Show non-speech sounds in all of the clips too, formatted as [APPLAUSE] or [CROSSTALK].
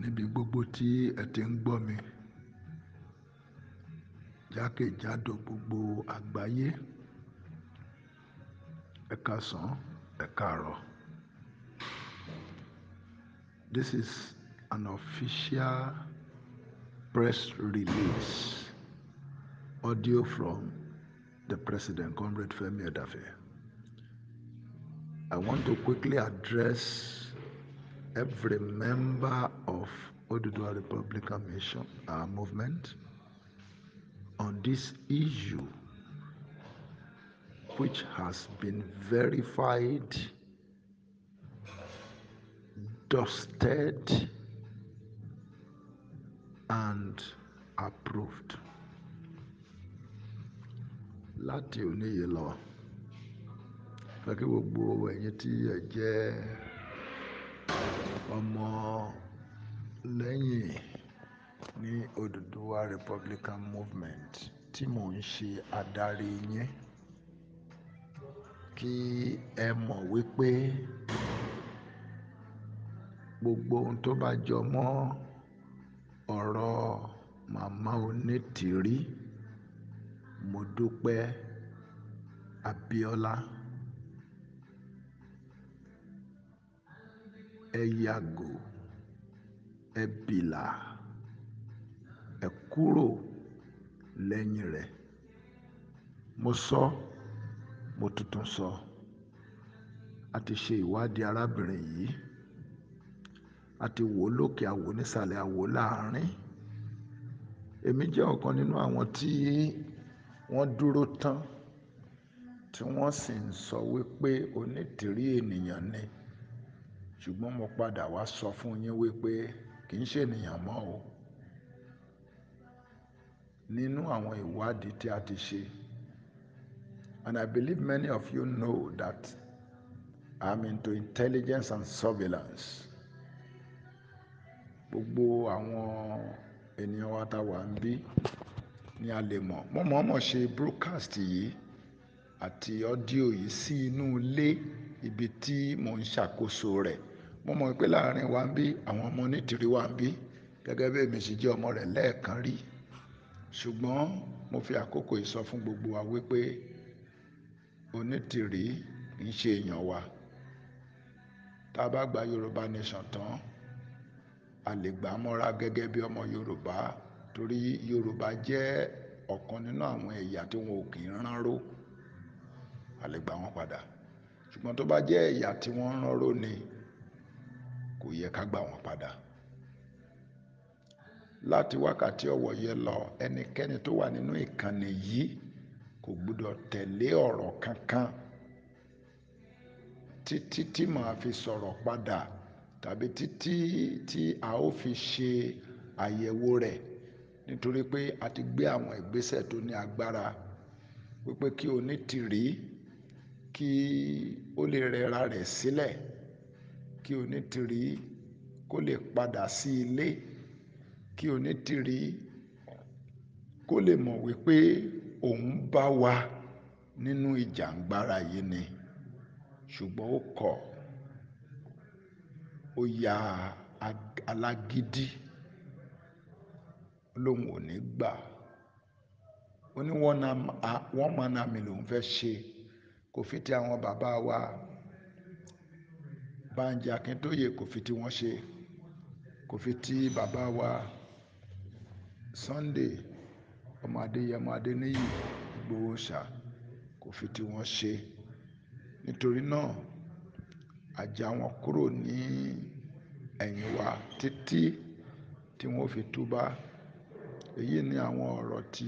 níbi gbogbo tí ẹ ti ń gbọ́ mi jákèjádò gbogbo àgbáyé This is an official press release audio from the President Comrade Femi Edafe. I want to quickly address every member of Oduduwa Republican Mission uh, Movement on this issue, which has been verified, dusted, and approved. láti òní yìí lọ fẹ́ kí gbogbo ẹ̀yin tí ẹ jẹ́. ọmọ lẹ́yìn ní Odùduwà Republican Movement tí mò ń ṣe adarí yẹn kí ẹ mọ̀ wípé gbogbo ohun tó bá jọ mọ́ ọ̀rọ̀ màmá onítìrí mo dúpẹ́ Abíọ́lá. ẹ yàgò ẹ bìlà ẹ kúrò lẹ́yìn rẹ̀ mo sọ mo tuntun sọ a ti ṣe ìwádìí arábìnrin yìí a ti wò ó lókè àwò nísàlẹ̀ àwò láàrin èmi jẹ́ ọ̀kan nínú àwọn tí wọ́n dúró tán tí wọ́n sì ń sọ wípé onítìrí ènìyàn ni ṣùgbọ́n mo padà wá sọ fún yín wípé kì í ṣe ènìyàn mọ́ o nínú àwọn ìwádìí tí a ti ṣe and I believe many of you know that I'm into intelligence and surveillance gbogbo àwọn ènìyàn wa ta wà ń bí ni a lè mọ̀ mo mọ̀ọ́mọ̀ ṣe broadcast yìí àti ọ́díò yìí sí inú ilé ibi tí mò ń ṣàkóso rẹ̀ mo mọ̀ pé láàrin wa ń bí àwọn ọmọ onítìrí wa ń bí gẹ́gẹ́ bí èmi sì jẹ́ ọmọ rẹ̀ lẹ́ẹ̀kan rí ṣùgbọ́n mo fi àkókò yìí sọ fún gbogbo wa wípé onítìrí kì í ṣe èèyàn wa tá a bá gba Yorùbá nation tán a lè gbà á mọ́ra gẹ́gẹ́ bí ọmọ Yorùbá torí Yorùbá jẹ́ ọ̀kan nínú àwọn ẹ̀yà tí wọn ò kì í ránró a lè gbà wọ́n padà ṣùgbọ́n tó bá jẹ́ ẹ̀yà tí wọ́n ránró ni kò yẹ ká gbà wọ́n padà láti wákàtí ọwọ́ yẹ lọ ẹnikẹ́ni tó wà nínú ìkànnì yìí kò gbúdọ̀ tẹ̀lé ọ̀rọ̀ kankan títí tí màá fi sọ̀rọ̀ padà tàbí títí tí a ó fi ṣe àyẹ̀wò rẹ̀ nítorí pé a ti gbé àwọn ìgbésẹ̀ tó ní agbára wípé kí onítìrí kí ó lè rẹra rẹ̀ sílẹ̀. Si kí onítìrí kó lè padà sí ilé kí onítìrí kó lè mọ̀ wípé òun bá wa nínú ìjàǹgbara yìí ni ṣùgbọ́n ó kọ̀ ó ya alágídí lòun ò ní gbà ó ní wọ́n máa na mi lòun fẹ́ ṣe kò fi ti àwọn bàbá wa. Bánjí Akíntóyè kò fi tiwọn ṣe kò fi ti bàbá wa Sunday ọmọ Adéyẹmọ Adéníyì Ìgbòho ṣá kò fi tiwọn ṣe nítorí náà àjà wọn kúrò ní ẹ̀yìn wa títí tí wọ́n fi túbá èyí ni àwọn ọ̀rọ̀ tí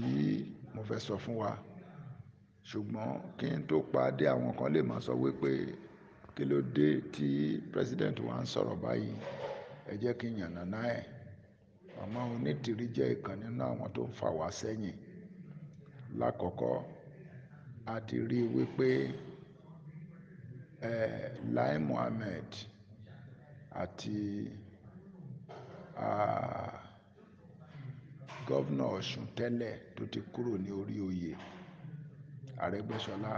mo fẹ́ sọ fún wa ṣùgbọ́n kí n tó parí àwọn kan lè máa sọ wípé kí ló dé tí president wa ń sọ̀rọ̀ báyìí ẹ jẹ́ kí n yànnà náà ẹ̀ màmá onítìrí jẹ́ ìkan nínú àwọn tó ń fà wá sẹ́yìn lákọ̀ọ́kọ́ a ti rí wípé ẹ Lai Mohammed àti gọ́vnà Ọ̀ṣun tẹ́lẹ̀ tó ti kúrò ní orí oyè Arẹ́gbẹ́ṣọlá.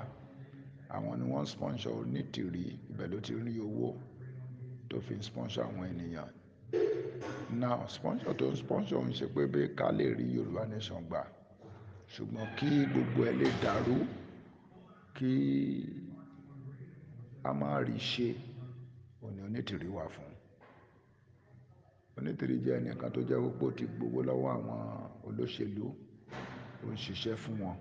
àwọn ni wọ́n sponsor onítìrí, ibẹ̀ ló ti rí owó tó fi ń sponsor àwọn ènìyàn. Now sponsor tó ń sponsor ń ṣe pé bí ká lè rí Yorùbá nation gbà, ṣùgbọ́n kí gbogbo ẹ lè dàrú, kí a má rí ṣe, òun ni onítìrí wà fún. Onítìrí jẹ́ ẹnìkan tó jẹ́ wípé ó ti gbowó lọ́wọ́ àwọn olóṣèlú, ó ń ṣiṣẹ́ fún wọn.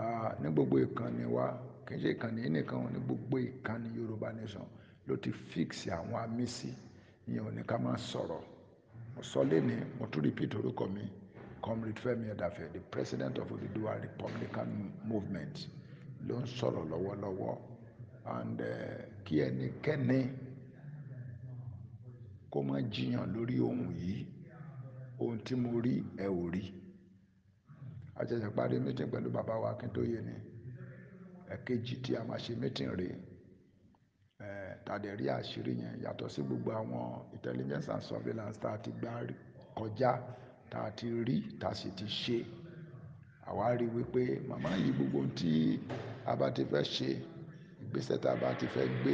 À, ah, ní gbogbo ìkànnì wa kì í ṣe ìkànnì yìí nìkan òun ni gbogbo ìkànnì Yorùbá Nation ló ti fix àwọn àmì sí ìyẹn ò ní ká máa sọ̀rọ̀ mo sọ lẹ́ni mo tún repeat orúkọ mi comrade Fẹ́mi Ẹ̀dàfẹ́ the president of Oduduwa Republican Movement ló ń sọ̀rọ̀ lọ́wọ́lọ́wọ́ and eh, kí ẹnikẹ́ni kó má jiyàn lórí ohun yìí ohun tí mo rí ẹ ò rí a ṣẹ̀ṣẹ̀ parí meeting pẹ̀lú bàbá wa Akíntóyè ni ẹ̀kejì tí a máa ṣe meeting rèé eh, tàdé rí àṣírí yẹn yàtọ̀ sí gbogbo àwọn intelligence and surveillance tá a ti gbá kọjá tá a ti rí tá a sì ti ṣe àwa rí wípé màmá yìí gbogbo ohun tí a bá ti fẹ́ ṣe ìgbésẹ̀ tá a bá ti fẹ́ gbé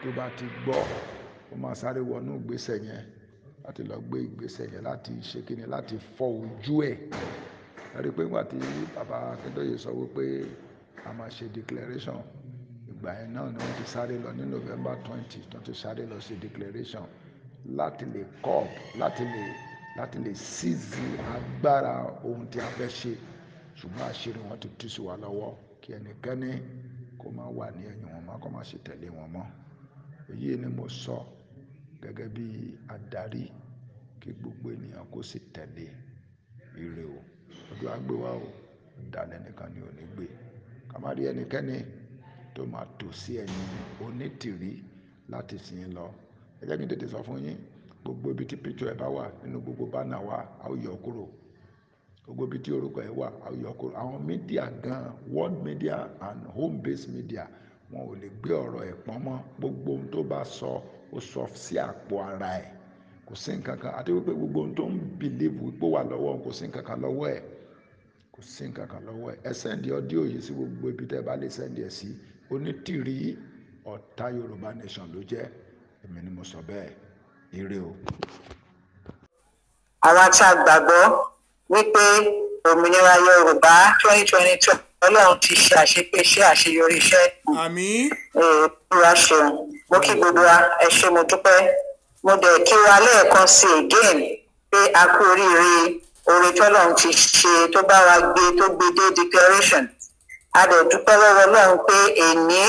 tó bá ti gbọ́ ó máa sáré wọnú ìgbésẹ̀ yẹn láti lọ gbé ìgbésẹ̀ yẹn láti ṣe kíni láti fọ ojú ẹ̀ ẹ rí i pé nígbà tí bàbá Akíntóye sọ wípé a máa ṣe declaration ìgbà yẹn náà ni wọ́n ti sáré lọ ní November twenty tó ti sáré lọ ṣe declaration láti lè curb láti lè láti lè seize agbára ohun tí a fẹ́ ṣe ṣùgbọ́n àṣírí wọn ti tú sí wa lọ́wọ́ kí ẹnikẹ́ni kó má wà ní ẹ̀yìn wọn mọ́ kó má ṣe tẹ̀lé wọn mọ́ èyí ni mo sọ gẹ́gẹ́ bí adarí kí gbogbo ènìyàn kó sì tẹ̀lé ire o ojú agbéwá o dalẹ̀ nìkan ni ò ní gbé ká má rí ẹnikẹ́ni tó máa tò sí ẹ̀yìn onítìrí láti sìn lọ ẹ jẹ́ kí n tètè sọ fún yín gbogbo ibi tí picture ẹ bá wà nínú gbogbo bánà wa a ó yọ kúrò gbogbo ibi tí orúkọ ẹ wà a ó yọ kúrò àwọn mídíà gan world media and home based media wọn ò lè gbé ọ̀rọ̀ ẹ̀ pọ́n mọ́ gbogbo ohun tó bá sọ ó sọ sí àpò ara ẹ̀ kò sí nǹkan kan àti wípé gbogbo ohun tó ń bìlíìfù wípé wà lọ́wọ́ kò sí nǹkan kan lọ́wọ́ ẹ̀ kò sí nǹkan kan lọ́wọ́ ẹ sẹ́ndì ọdíò yìí sí gbogbo ibi tẹ́ bá lè sẹ́ndì ẹ̀ sí onítìrí ọ̀tá yorùbá nation ló jẹ́ èmi ni mo sọ bẹ́ẹ̀ ire o. àwa tá a gbàgbọ́ wípé òmìnira yorùbá twenty twenty two ọlọ́run ti ṣe àṣepéṣe àṣeyọrí iṣẹ́. àmín. ìrora ṣeun mo kí gbogbo wa ẹ ṣé mo dúpẹ́ mo dẹ̀ kí wa lẹ́ẹ̀kan sí again pé a kú oríire oore tọ́lọ́run ti ṣe tó bá wa gbé tó gbé dé declaration a dẹ̀ dúpẹ́ lọ́wọ́ Ọlọ́run pé èní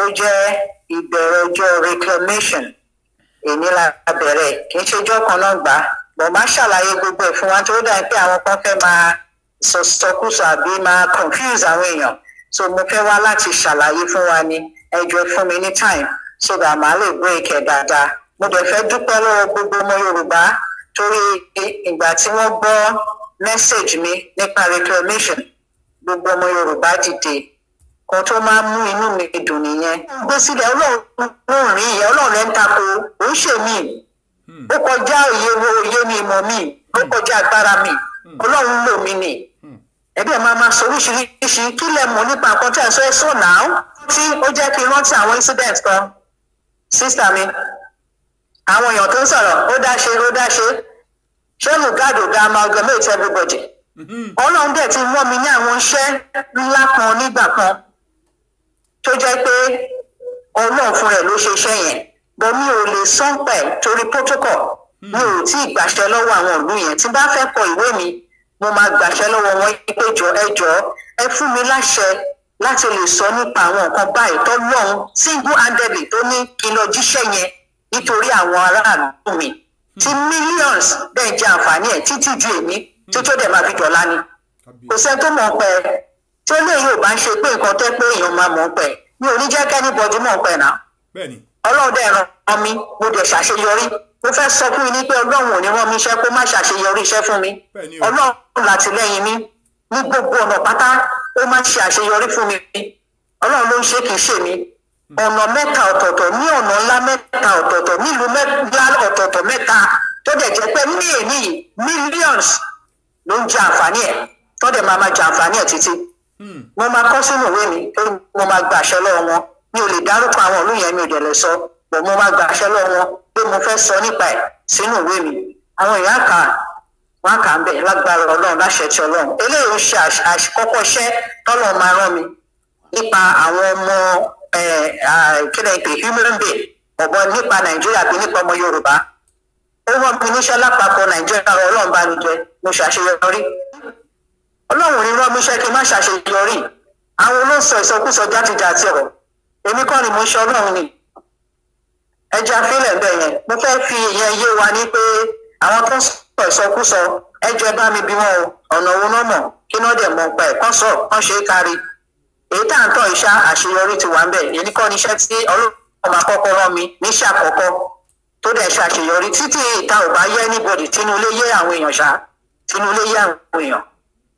ó jẹ́ ìbẹ̀rẹ̀ ọjọ́ reclamation èní la bẹ̀rẹ̀ kì í ṣèjọ́ kan náà gbà bọ̀ má ṣàlàyé gbogbo ẹ̀ fún wa tó dà pé àwọn kan fẹ́ máa sọkúsọ àbí máa confuse àwọn èèyàn so mo fẹ́ wá láti ṣàlàyé fún wa ni ẹ jọ̀ọ́ fún mi ní time so that màá lè break ẹ̀ dáadáa mo dẹ̀ fẹ́ dúpẹ́ lọ́wọ́ gbogbo ọmọ Yorùbá torí ìgbà tí wọ́n gbọ́ mẹ́sẹ̀gì mi nípa reclamation gbogbo ọmọ Yorùbá dìde kan tó máa ń mú inú mi dùn nìyẹn. gbé sílẹ̀ ọlọ́run rí ìyá ọlọ́run ẹ̀ ń tako ó ṣe mí hmm. ó kọjá òye wo òye mi ìmọ̀ mi ó hmm. kọjá agbára mi hmm. ọlọ́run lò mí nì ẹbí ẹ máa máa sọ oríṣiríṣi kí lẹ mọ̀ nípa nǹkan tí ẹ sọ ẹ sọ náà tí ó jẹ́ kí n rántí àwọn incident kan sísá mi àwọn èèyàn tó ń sọ̀rọ̀ ó dáṣe ó dáṣe ṣé Mohbad ò ga amalgamate everybody mm-hmm. ọlọ́run dẹ̀ ti wọ́n mi ní àwọn iṣẹ́ ńlá kan nígbà kan tó jẹ́ pé ọlọ́run fún rẹ̀ ló ṣe iṣẹ́ yẹn bọ́ mi ò lè sọ́ńpẹ̀ torí protocol mi ò mm-hmm. tí ì gbàṣẹ lọ́wọ́ àwọn ìlú yẹn tí bá fẹ́ kọ ìwé mi mo máa gbàṣẹ lọ́wọ́ wọn pé jọ ẹ jọ ẹ fún mi láṣẹ láti lè sọ nípa àwọn nǹkan báyìí tọ́lọ́run single handedly tó ní kí n lọ jíṣẹ́ yẹn nítorí àwọn aráàlú mi tí hmm. millions bẹ́ẹ̀ jẹ́ àǹfààní ẹ̀ títí ju èmi tó hmm. tó dẹ̀ máa fi dọ̀la ni kò sẹ́ni tó mọ̀ pẹ́ tí ó lè yóò bá ń ṣe pé nǹkan tẹ́ pé èèyàn máa mọ̀ pẹ́ mi ò ní jẹ́ kẹ́ni bọ́dún mọ̀ pẹ́ náà ọlọ́run dẹ̀ ràn mí mo dẹ̀ ṣàṣeyọrí mo fẹ́ sọ fún yín pé ọlọ́run ò ní rán mi iṣẹ́ kó má ṣàṣeyọrí iṣẹ́ fún mi ọlọ́run látìlẹ́yìn mi ní gbogbo ọ̀nà pátá ó má ṣe àṣeyọrí fún mi ọlọ́run ló ń ṣe kì í ṣe mi ọ̀nà mẹ́ta ọ̀tọ̀ọ̀tọ̀ ní ọ̀nà ńlá mẹ́ta ọ̀tọ̀ọ̀tọ̀ nílùú ńlá ọ̀tọ̀ọ̀tọ̀ mẹ́ta tó dẹ̀ jẹ́ pé ní èmi millions ló ń jẹ àǹfààní ẹ̀ tó dẹ̀ máa máa jẹ àǹfààní ẹ̀ títí. Hmm. mo máa kọ́ sínú ìwé mi pé mo máa gba àṣẹ lọ́wọ́ wọn mi ò lè dárúkọ àwọn ìlú yẹn mi ò dẹ̀ lè sọ pé mo máa gba àṣẹ lọ́wọ́ wọn pé mo fẹ́ sọ nípa ẹ̀ sínú ìwé mi àwọn èèyàn kà wọn kà ń bẹ̀ lágbára ọlọ́run láṣẹ ti ọlọ́run eléyìí ń ṣe àkọ́kọ́ iṣẹ́ tọ́lọ́ máa rán mi nípa àwọn ọmọ kí ni pé human being ọ̀bọ nípa nàìjíríà bí nípa ọmọ yorùbá ó wọ́n mi níṣẹ́ lápapọ̀ nàìjíríà ọlọ́run bá mi jẹ mo ṣàṣeyọrí ọlọ́run rí rán mi ṣẹ́ kí n má ṣàṣeyọrí àwọn olóòsọ ìsọkúsọ játijàti ọ̀rọ̀ èmi kọ́ ni mo ṣe ọlọ́run ni ẹja fílẹ̀ bẹ́ẹ̀ yẹn mo fẹ́ fi ìyẹn yé wa ní pé àwọn tó ń sọ ìsọkúsọ ẹjọ́ ẹ bá mi bí wọn o ọ̀nà òun náà mọ̀ kí náà dẹ̀ mọ̀ pa ẹ̀ kọ́ sọ kọ́ ṣe é kárí èyí tá à ń tọ̀ iṣá àṣeyọrí ti wà ń bẹ̀ èyí kọ́ ni iṣẹ́ tí ọlọ́run máa kọ́kọ́ rán mi níṣẹ́ àkọ́kọ́ tó dẹ̀ ṣàṣeyọrí títí ìta ò bá yẹ níbọdì tínú ilé yé àwọn èèyàn ṣá tínú ilé yé àwọn èèyàn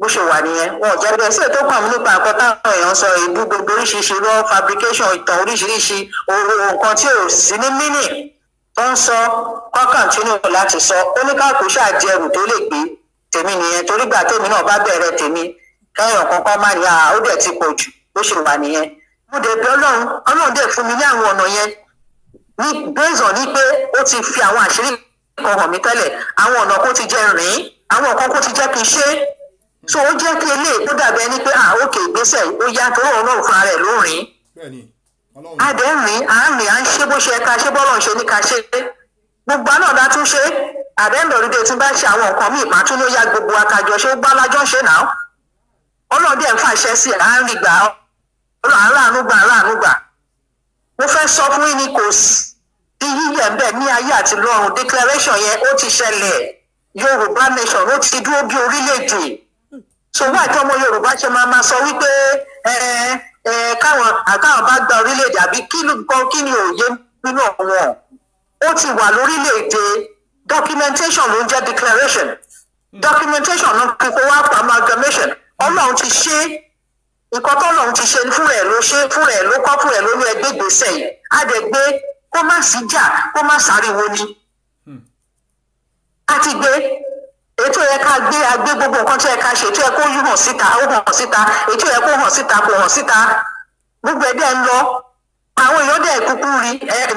bó ṣe wà nìyẹn wọn ò jẹrẹ sí ètò kan nípa nǹkan táwọn èèyàn sọ ìbú gbogbo oríṣiríṣi rọ fabrication ìtàn oríṣiríṣi owó nǹkan tí ò sí ní mínì tó ń sọ kọkàn tínú láti sọ oníkàkùn ṣàjẹrù tó lè gbé tèmi nìyẹn torí gbà tèmi náà bá bẹ̀rẹ̀ tèmi kẹyàn kankan má ní a ó dẹ̀ ti pọ̀ jù ló ṣe wà nìyẹn mo dẹ̀ bẹ̀ ọlọ́run ọlọ́run dẹ̀ fún mi ní àwọn ọ̀nà yẹn ní gbẹ́zàn ní pé ó ti fi àwọn àṣírí kan hàn mí tẹ́lẹ̀ àwọn ọ̀nà kó ti jẹ́ rìn àwọn nǹkan kó ti jẹ́ kí n ṣe so ó jẹ́ kí eléyìí tó dàbí ẹni pé ah ok, ìgbésẹ̀ ó yá tó rọrùn náà fún ara ẹ̀ ló rìn adẹ̀ rìn à ń rìn à ń ṣe bó ṣe ká ṣe bọ́lọ̀ ṣe ní ká ṣe gbogbo àná ọ̀dà tún ṣe àdé ńlọrọdẹ tí bá ṣe àwọn nǹkan míì máa tún ló yá gbogbo àkàjọ ṣé ó gbá lájọ ṣe náà ọlọ́dẹ̀ ń fàṣẹ sí à ń rí gbà ọ́ láàánú gbà láàánú gbà mo fẹ́ sọ fún yín ni kò sí yíyẹ̀ ń bẹ̀ ní ayé àti lọ́run declaration yẹn ó ti ṣẹlẹ̀ yorùbá nation ló ti dúró bí orílẹ̀-èdè ṣùgbọ́n àti ọmọ yorùbá ṣe máa ma sọ wípé káwọn àkáwọn bá gba orílẹ̀-èdè àbí kí nǹkan kí ni òye nínú ọ̀wọ́n ó ti wà lórílẹ̀-èdè documentation ló ń jẹ́ declaration documentation náà kíkó wá pa amalgamation ọlọ́run ti ṣe é nǹkan tó lòun ti ṣe fúnra ẹ̀ ló ṣe fúnra ẹ̀ ló kọ́ fúnra ẹ̀ ló ló ẹgbẹ́ gbèsè yìí á dẹ̀ gbé kó má sí jà kó má sáriwo ni. Hmm. a ti gbé ètò yẹ ká gbé agbé gbogbo nǹkan tó yẹ ká ṣe ètò yẹ kó yí hàn síta ó hàn síta ètò yẹ kó hàn síta kò hàn síta gbogbo ẹ̀ dẹ̀ ń lọ àwọn èèyàn dẹ̀ kúkú rí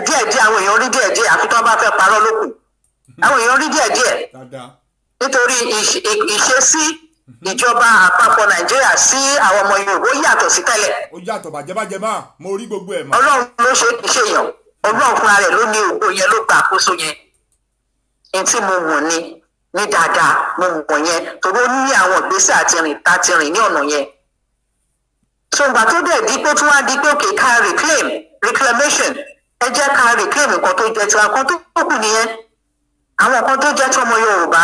díẹ̀ díẹ̀ àwọn èèyàn rí díẹ̀ díẹ̀ àfi tó bá fẹ́ parọ́ lókù hmm. àwọn èèyàn rí díẹ̀ díẹ̀ nítorí ìṣesí Mm-hmm. ìjọba àpapọ̀ nàìjíríà sí àwọn ọmọ yorùbá ó yàtọ̀ sí tẹ́lẹ̀. ó yàtọ̀ bàjẹ́bàjẹ́mà mo rí gbogbo ẹ̀ mọ́. ọlọ́run ló ṣe kí ṣèyàn ọlọ́run fúnra rẹ̀ ló ní ògbó yẹn ló gba àkóso yẹn ní tí mo wọ̀n ni ní dáadáa mo wọ̀n yẹn torí ó ní àwọn ìgbésẹ̀ àtirìn tàtirìn ní ọ̀nà yẹn. so ìgbà tó dẹ̀ di pé tí wọ́n di pé òkè ká reclaim reclamation ẹ jẹ́ ká reclaim nǹkan tó jẹ́ tiwa nǹkan tó kù nìyẹn àwọn nǹkan tó jẹ́ tí ọmọ yorùbá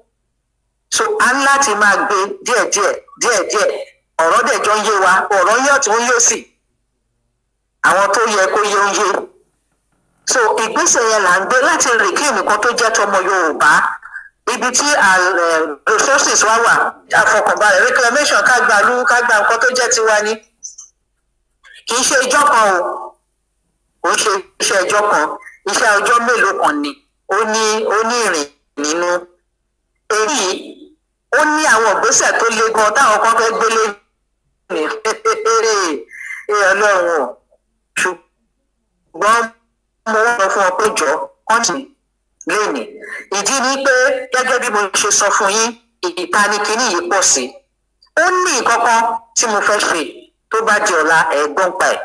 so a ń láti máa gbé díẹ̀díẹ̀ díẹ̀díẹ̀ ọ̀rọ̀ dẹ̀ jọ yé wa ọ̀rọ̀ yẹ ọ̀tún yóò sì àwọn tó yẹ kó yé ń yé so ìgbésẹ̀ yẹn là ń gbé láti rìn kí nǹkan tó jẹ́ tọmọ Yorùbá ibi tí uh, resources wa wà àfọkànbalẹ̀ reclamation ká gba lú ká gba nǹkan tó jẹ́ tiwa ni kì í ṣe ìjọ kan o kò ṣe iṣẹ́ ìjọ kan iṣẹ́ ọjọ́ mélòó kan ni ó ní ó ní ìrìn nínú èyí ó ní àwọn ìgbésẹ̀ tó le gan táwọn kan fẹ́ gbélé ní èèyàn náà wọn ṣùgbọ́n mo wá lọ fún ọ pé jọ kọ́ńtì lónìí ìdí ni pé gẹ́gẹ́ bí mo ṣe sọ fún yín ìpanikíní yìí pọ̀ sí ó ní nǹkan kan tí mo fẹ́ ṣe tó bá di ọ̀la ẹ̀gbọ́n pa ẹ̀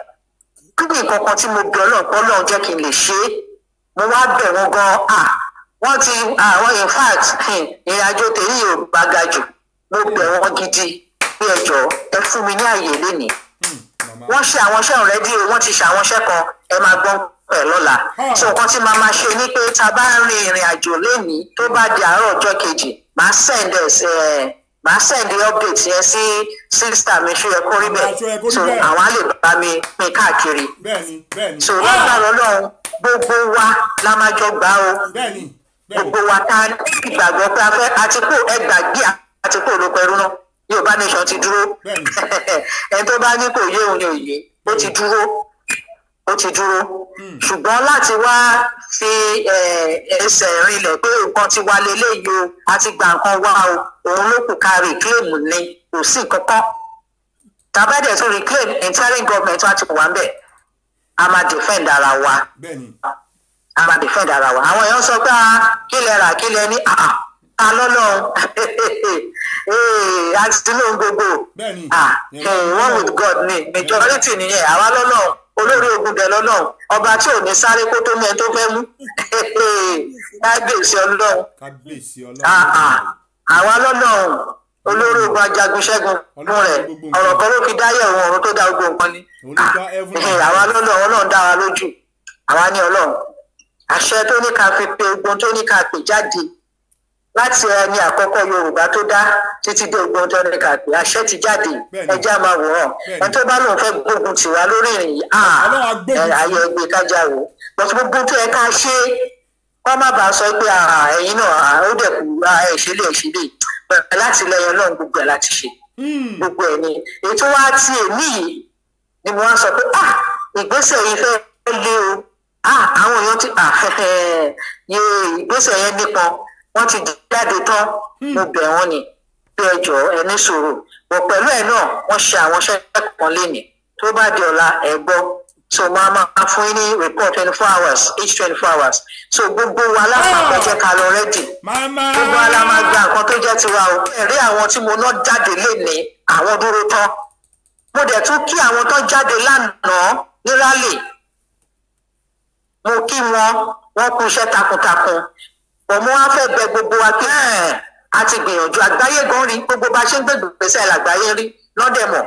kí ni nǹkan kan tí mo bẹ̀ ọlọ́ọ̀pọ̀ ọlọ́run kí n lè ṣe é mo wá bẹ̀ wọ́n gan-an wọ́n ti àwọn ah, in fact ìrìnàjò tèmi ò gbàgà jù mo bẹ̀ wọ́n gidi bí ẹjọ́ ẹ fún mi ní àyè lénìí hmm, wọ́n ṣe àwọn iṣẹ́ ọ̀rẹ́dí o wọ́n ti ṣe àwọn iṣẹ́ kan ẹ máa gbọ́n pẹ̀ lọ́la hmm. so nǹkan tí màá máa ṣe ni pé tá a bá ń rin ìrìn àjò lénìí tó bá di àárọ̀ ọjọ́ kejì màá send màá send update yẹn sí sísítà mi ṣó yẹ kó rí bẹ́ẹ̀ so àwọn á lè bá mi pín káàkiri so lágbára Ọlọ́run gbogbo wa la máa jọ gbà o. Bẹ́ẹ̀ni gbogbo wa ta ní ìgbàgbọ́ pé a fẹ́ àtikó ẹgbàgbé àtikó olóko ẹrú náà yorùbá nation ti dúró [LAUGHS] ẹni tó bá ní kò yé òun ni òye ó ti dúró ó ti dúró hmm. ṣùgbọ́n láti wá fi ẹsẹ̀ rinlẹ̀ pé nǹkan ti wá leléyìí o àti gbà nǹkan wá o òun ló kù ká reclaim ni kò sí kankan tàbẹ́dẹ̀ tó reclaim interim government wá ti wà ń bẹ̀ a máa defend ara wa. Benny a máa defend ara wa àwọn èèyàn sọ pé ah, kí lẹ rà kí lẹ ní ah, ah, ta lọ́lọ́run [LAUGHS] àtìlóhun gbogbo hmm, one with God ni majority nìyẹn àwa lọ́lọ́run olórí ogun dẹ lọ́lọ́run ọba tí ò ní sáré kó tó mẹ tó fẹ́ mú [LAUGHS] kábíyèsí ọlọ́run àwa lọ́lọ́run olórí ogun ajagunṣẹ́gun fún rẹ̀ ọ̀rọ̀ kan ló fi dáyé ọ̀run ọ̀run tó dá ogun. nǹkan ni hmm, àwa lọ́lọ́run ọlọ́run dá wa lójú àwa ní ọlọ́run àṣẹ tó ní ká fi pe ogun tó ní ká pè jáde láti ẹni àkọ́kọ́ yorùbá tó dá títí dé ogun tó ní ká pè àṣẹ ti jáde ẹjẹ́ àmà wòran ẹni tó bá lóun fẹ́ gbógun tiwa lórí ìrìn yìí à ayé ẹgbẹ́ kájà wò bọ́tú gbogbo tó yẹ ká ṣe wọ́n má bàa sọ pé ẹ̀yin náà ó dẹ̀ kú ẹ̀ṣẹ̀lẹ̀ ẹ̀ṣẹ̀lẹ̀ bẹ̀rẹ̀ láti lẹ́yìn ọlọ́run gbogbo ẹ̀ láti ṣe hmm. gbogbo ẹ̀ ni ètò wa ti èmi yìí ni mo wá sọ pé ah ìgbésẹ̀ yìí fẹ́ lé o àwọn èèyàn ti yé ìgbésẹ̀ yẹn nípọn wọ́n ti jáde tán hmm. mo bẹ̀ wọ́n ni bí ẹjọ́ sòrò bọ̀ pẹ̀lú ẹ̀ náà wọ́n ṣe àwọn iṣẹ́ kan lénìí tó bá di ọ̀la ẹ̀ gbọ́ so máa máa fún yín ní report twenty four hours each twenty four hours so gbogbo wa lápapọ̀ oh. jẹ́ ká lọ rẹ́dì gbogbo wa la máa gba nǹkan tó jẹ́ tiwa o ẹ̀rí àwọn tí mo ná jáde lénìí àwọn dúró tán mo dẹ̀ tún kí àwọn tó jáde lánàá ní rálì mo kí wọn wọn kú iṣẹ́ takuntakun bọ̀ mo wá fẹ́ bẹ gbogbo wa pé a ti gbìyànjú àgbáyé gan rí gbogbo bá a ṣe ń gbègbè gbèsè làgbáyé rí lọ́dẹ̀ mọ̀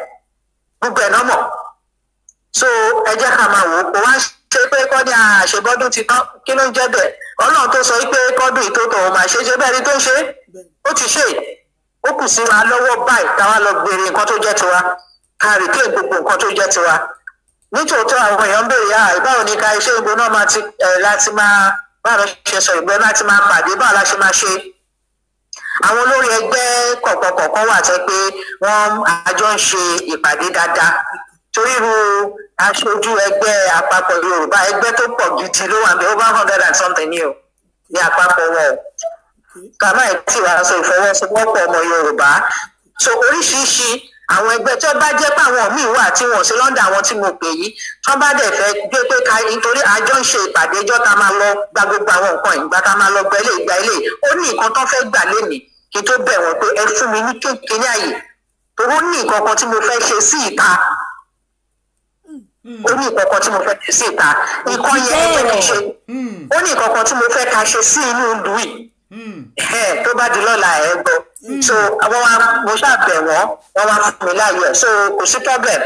gbogbo ẹ̀ náà mọ̀ so ẹ jẹ́ ká máa wò ó kó wá ṣe pé kọ́ ní àṣebọ́dún ti tán kí ló ń jẹ́ bẹ́ẹ̀ ọlọ́run tó sọ pé kọ́dún ìtótó òun máa ṣe ṣe bẹ́ẹ̀ ni tó ń ṣe ó ti ṣe ó kù sí wa lọ́wọ́ báyìí táwa lọ gbèrè nǹkan tó jẹ́ tiwa ká rìkẹ́ gbogbo nǹkan tó jẹ́ tiwa nítòótọ́ àwọn èèyàn ń béèrè à báwo ni ká iṣẹ́ ìgbóná máa ti láti máa báwo ṣe sọ ìgbẹ́ láti máa pàdé báwo la ṣe máa ṣe àwọn olórí ẹgbẹ́ kọ̀ọ̀kan wà tẹ́ pé wọ́n àjọ ń ṣe ìpàdé dáadáa torí irú aṣojú ẹgbẹ́ àpapọ̀ Yorùbá ẹgbẹ́ tó pọ̀ gidi ló wà ní over hundred and something ni o ní àpapọ̀ wọn o kàmáì tí wàá sọ ìfọwọ́sowọ́pọ̀ ọmọ Yorùbá so oríṣiríṣi àwọn ẹgbẹ́ tó bá jẹ́ pé àwọn míì wà tí wọ́n sí lọ́ndà àwọn tí mo pè yìí tó bá dẹ̀ fẹ́ gbé pé ká nítorí àjọ ń ṣe ìpàdé ìjọ ta máa lọ gba gbogbo àwọn nǹkan ìgbà ta máa lọ gba ilé ìgbà ilé ó ní nǹkan tó fẹ́ gbà lénìí kí tó bẹ̀ wọ́n pé ẹ fún mi ní kékeré àyè torí ó ní nǹkan kan tí mo fẹ́ ṣe sí ìta hmm, hmm. ó ní nǹkan kan tí mo fẹ́ ṣe sí ìta nǹkan yẹn ẹ jẹ́ kí ṣe hmm. ó ní nǹkan kan tí mo fẹ́ ka ṣe sí inú ìlú tó bá di lọ́la ẹ̀ gbọ́ Mm. so àwọn wa mo ṣàbẹ̀ wọ́n wọ́n wá fún mi láàyè ẹ̀ so kò sí problem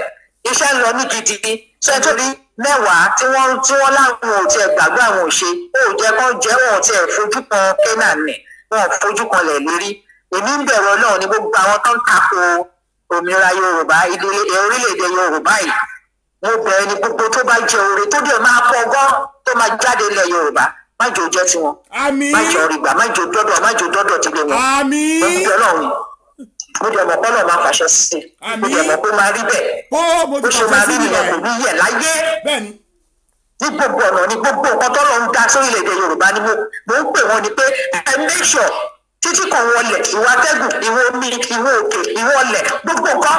iṣẹ́ lọ ní gidi so nítorí mẹ́wàá tí wọ́n tí wọ́n láwọn ò tiẹ̀ gbàgbé àwọn òṣè ó jẹ́ kán jẹ́ wọn ò tiẹ̀ fojú kan Canaan nì wọn ò fojú kan lẹ̀ lérí èmi ń bẹ̀rù Ọlọ́run ní gbogbo àwọn tó ń tako òmìnira Yorùbá ìdílé orílẹ̀-èdè Yorùbá yìí mo bẹ̀rẹ̀ ní gbogbo tó bá jẹ oore tó dẹ̀ máa pọ̀ gán tó máa jáde lẹ̀ Yorùbá májò jẹ́ tiwọn májò rìgbà májò dọ́dọ̀ májò dọ́dọ̀ ti lè mọ̀ Ọlọ́run mo dẹ̀ mọ̀ pọ́lọ̀ máa pàṣẹ sí mo dẹ̀ mọ̀ pé máa rí bẹ́ẹ̀ bó ṣe máa rí nìyẹn kò ní yẹ láyé ní gbogbo ọ̀nà ní gbogbo nǹkan tọ́lọ́ ń da sórílẹ̀-èdè Yorùbá ni mo mo ń pè wọ́n ni pé ẹ make títí kan wọlẹ̀ ìwọ atẹ́gùn ìwọ omi ìwọ òkè ìwọ ọlẹ̀ gbogbo nǹkan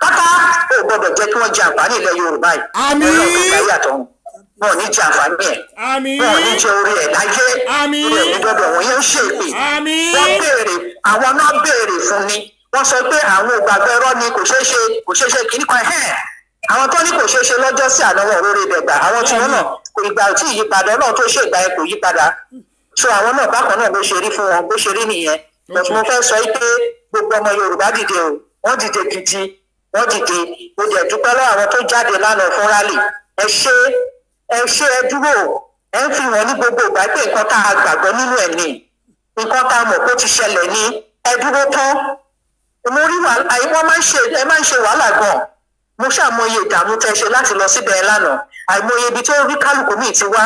kọ́tà ò gbọdọ̀ jẹ́ kí wọ́n jẹ àǹfààní ilẹ̀ Yorùbá yìí. àmín wọn ò ní jẹ àǹfààní ẹ wọn ò ní jẹ orí ẹ láyé orí ẹ gbọ́dọ̀ wọn yóò ṣe ìpè wọn béèrè ni wọn sọ pé àwọn ògbàgbọ́ ẹ̀rọ ni kò ṣeé ṣe kò ṣeé ṣe kìíní kan ẹ àwọn tó ní kò ṣeé ṣe lọ́jọ́ sí ànáwó òróró ìdẹgbà àwọn tí wọn náà kò ìgbà tí ìyípadà Ọlọ́run tó ṣe ìgbà yẹn kò yípadà so àwọn náà bákan náà ló ṣe rí fún wọn bó ṣe rí nìyẹn but mo fẹ́ sọ pé ẹ ṣe ẹ dúró ẹ ń fi wọn ní gbogbo ìgbà pé nǹkan tá a gbàgbọ́ nínú ẹ̀ ni nǹkan tá a mọ̀ kó ti ṣẹlẹ̀ ni ẹ dúró tán mo rí wàhálà yìí wọ́n máa ń ṣe ẹ máa ń ṣe wàhálà gan mo ṣàmọye ìdààmú tẹ ṣe láti lọ síbẹ̀ ẹ lánàá àìmọye ibi tó rí kálukú mi ti wá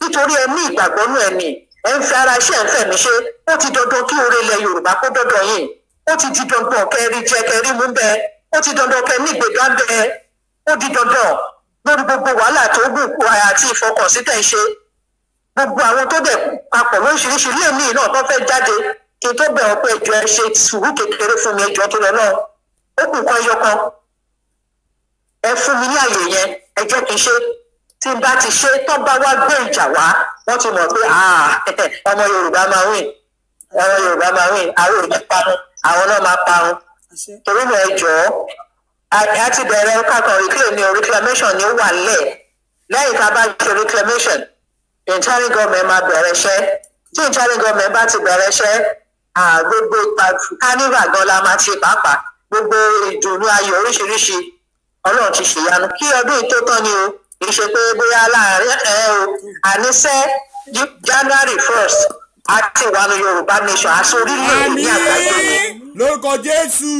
nítorí ẹ ní ìgbàgbọ́ nínú ẹ̀ ni ẹ ń fi ara iṣẹ́ ẹ̀ ń fẹ̀mí ṣe ó ti dandan kí oore ilẹ̀ Yorùbá kó dandan yìí ó ti di dandan kẹrí jẹ kẹrí mú bẹ́ẹ̀ ó ti dandan kẹ ní ìgbéga ó di dandan lórí gbogbo wàhálà tó gùn àti ìfọkànsí tẹ̀ ń ṣe gbogbo àwọn tó dẹ̀ papọ̀ lóríṣiríṣi lé ní iná tó fẹ́ jáde kí n tó bẹ̀rù pé ẹjọ́ ẹ ṣe sùúrù kékeré fún mi ẹjọ́ tó lọ náà ó kù kan yọ ẹ fún mi ní àyè yẹn ẹ jẹ́ kí ṣe tí n bá ti ṣe tó bá wá gbé ìjà wá wọ́n ti mọ̀ pé ọmọ Yorùbá máa wìn ọmọ Yorùbá máa wìn àwọn ò parun àwọn náà máa parun torí náà ẹ àti bẹ̀rẹ̀ kákan reclaim ní reclamation ní wà lẹ̀ lẹ́yìn tá a bá ṣe reclamation interim government máa bẹ̀rẹ̀ iṣẹ́ tí interim government bá ti bẹ̀rẹ̀ iṣẹ́ gbogbo carnival gan la máa ṣe pàápàá gbogbo ìdùnnú ayọ̀ oríṣiríṣi ọlọ́run ti ṣèyanu kí ọdún yìí tó tán ni o kì í ṣe pé bóyá láàrin ẹ o àníṣe January first a ti wà ní Yorùbá nation àti orílẹ̀-èdè ní àgbáyé. lórúkọ Jésù.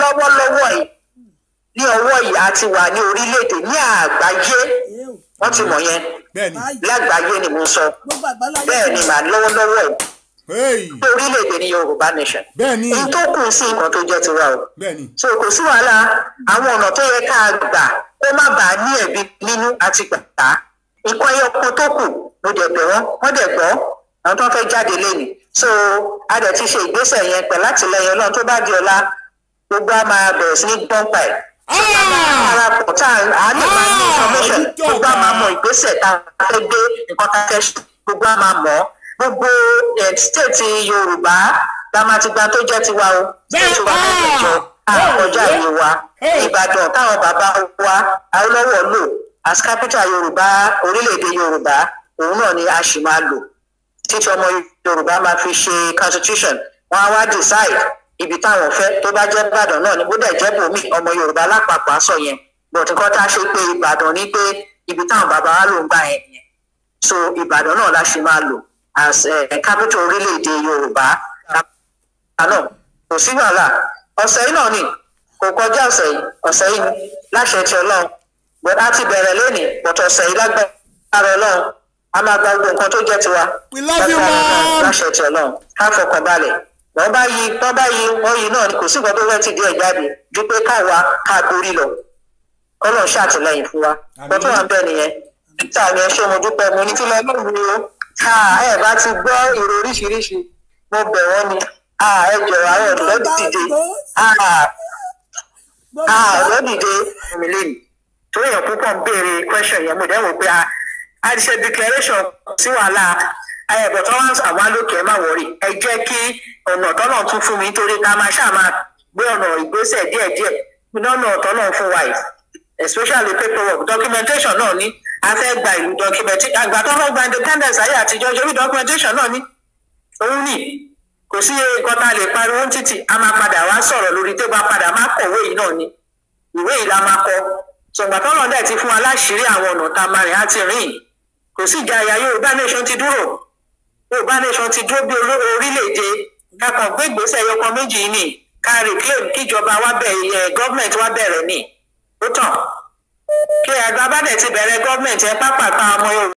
lọ́wọ́lọ́wọ́ yìí ní ọwọ́ yìí àti wà ní orílẹ̀-èdè ní àgbáyé wọ́n ti mọ̀ yẹn lágbàáyé ni mo sọ bẹ́ẹ̀ ni mà lọ́wọ́lọ́wọ́ ní orílẹ̀-èdè ní Yorùbá nation èyí tó kù sí nǹkan tó jẹ́ tiwa o so kò sí wàhálà àwọn ọ̀nà tó yẹ ká gbà kó má bàa ní ẹ̀bi nínú àti gbàgbà nǹkan ẹyọ kan tó kù mo dẹ̀ bẹ̀ wọ́n dẹ̀ gbọ́ àwọn tó ń fẹ́ jáde lẹ́nu so a dẹ̀ ti ṣe ìgbésẹ̀ yẹn pẹ̀ láti lẹ́yìn Ọlọ́run tó bá di ọ̀la gbogbo a máa bẹ̀rẹ̀ sí ní gbọ́n ẹ̀ parapọ̀ tá gbogbo a Yorùbá la tó jẹ́ tiwa o state wa tó jẹ́ àkọjá ìlú wa Ìbàdàn táwọn bàbá wa Awólọ́wọ̀ lò as capital Yorùbá orílẹ̀ Yorùbá òun náà ni a sì máa lò títí ọmọ Yorùbá máa fi ṣe constitution wọn á wá decide ibi táwọn fẹ́ tó bá jẹ́ ìbàdàn náà ni bó dẹ̀ jẹ́ bòmí ọmọ yorùbá lápapọ̀ aṣọ yẹn bọ̀tí kọ́ tá a ṣe pé ìbàdàn ni pé ibi táwọn bàbá wa ló ń gbà yẹn so ìbàdàn náà la ṣe máa lò as eh, capital orílẹ̀-èdè yorùbá náà kò sí wàhálà ọ̀sẹ̀ yìí náà ni kò kọjá ọ̀sẹ̀ yìí ọ̀sẹ̀ yìí láṣẹ ti ọlọ́run bọ̀dá ti bẹ̀rẹ̀ lónìí bọ̀tọ̀ ọ̀sẹ̀ yìí lágbára ọlọ́run a máa gba gbogbo nǹkan tó jẹ́ tiwa láṣẹ ti ọlọ́run ká balẹ̀ wọn bá yí wọn bá yí wọn yí náà ni kò sí nǹkan tó wẹ́n ti di ẹ̀ jáde ju pé káwa ká borí lọ kọ́lọ̀ ṣàtìlẹ́yìn fún wa wọ́n tó wà ń bẹ̀ nìyẹn títà ni ẹ ṣé mo dúpẹ́ mo ní kí lọ ló wù ú ká ẹ bá ti gbọ́ èrò oríṣiríṣi mo bẹ̀ wọ́n ni ẹ jọ̀ọ́ àwọn ọ̀dọ́ dìde ọ̀dọ́ dìde mi lẹ́nu tó yẹ púpọ̀ ń béèrè question yẹn mo dẹ́wọ̀ pé a ti ṣe declaration sí wàhálà ẹ̀bọ̀ tó wọ́n àwa lókè ẹ̀ má wọ̀rì ẹ jẹ́ kí ọ̀nà tọ́nà tún fún mi torí ká máa ṣáà máa gbé ọ̀nà ìgbésẹ̀ díẹ̀díẹ̀ lọ́nà tọ́nà fún wa yìí especially paperwork documentation náà ni a fẹ́ gba ìlú documentation àgbà tó fẹ́ gba independence ayé àtijọ́ ṣe bí documentation náà ni òun ni kò sí nǹkan tá a lè pariwo títì a máa padà wá sọ̀rọ̀ lórí tó bá padà máa kọ̀wé yìí náà ni ìwé yìí la máa kọ ṣùgbọ́n tọ́lọ́ dẹ̀ ti fún wa láṣìírí àwọn ọ̀nà tá a máa rìn á ti rìn kò sí ìjà àyà Yorùbá nation ti dúró yorùbá nation ti dúró bí orílẹ̀-èdè kakàn pé ìgbésẹ̀ ẹyọkan méjì yìí ni ká reclaim kíjọba wa bẹ̀rẹ̀ gọ́ọ̀mẹ̀ntì wa bẹ̀rẹ̀ ni ó tàn kí ẹ̀gbọ́n abádẹ́ ti bẹ̀rẹ̀ gọ́ọ̀mẹ̀ntì ẹ pápá pa ọmọ yorùbá.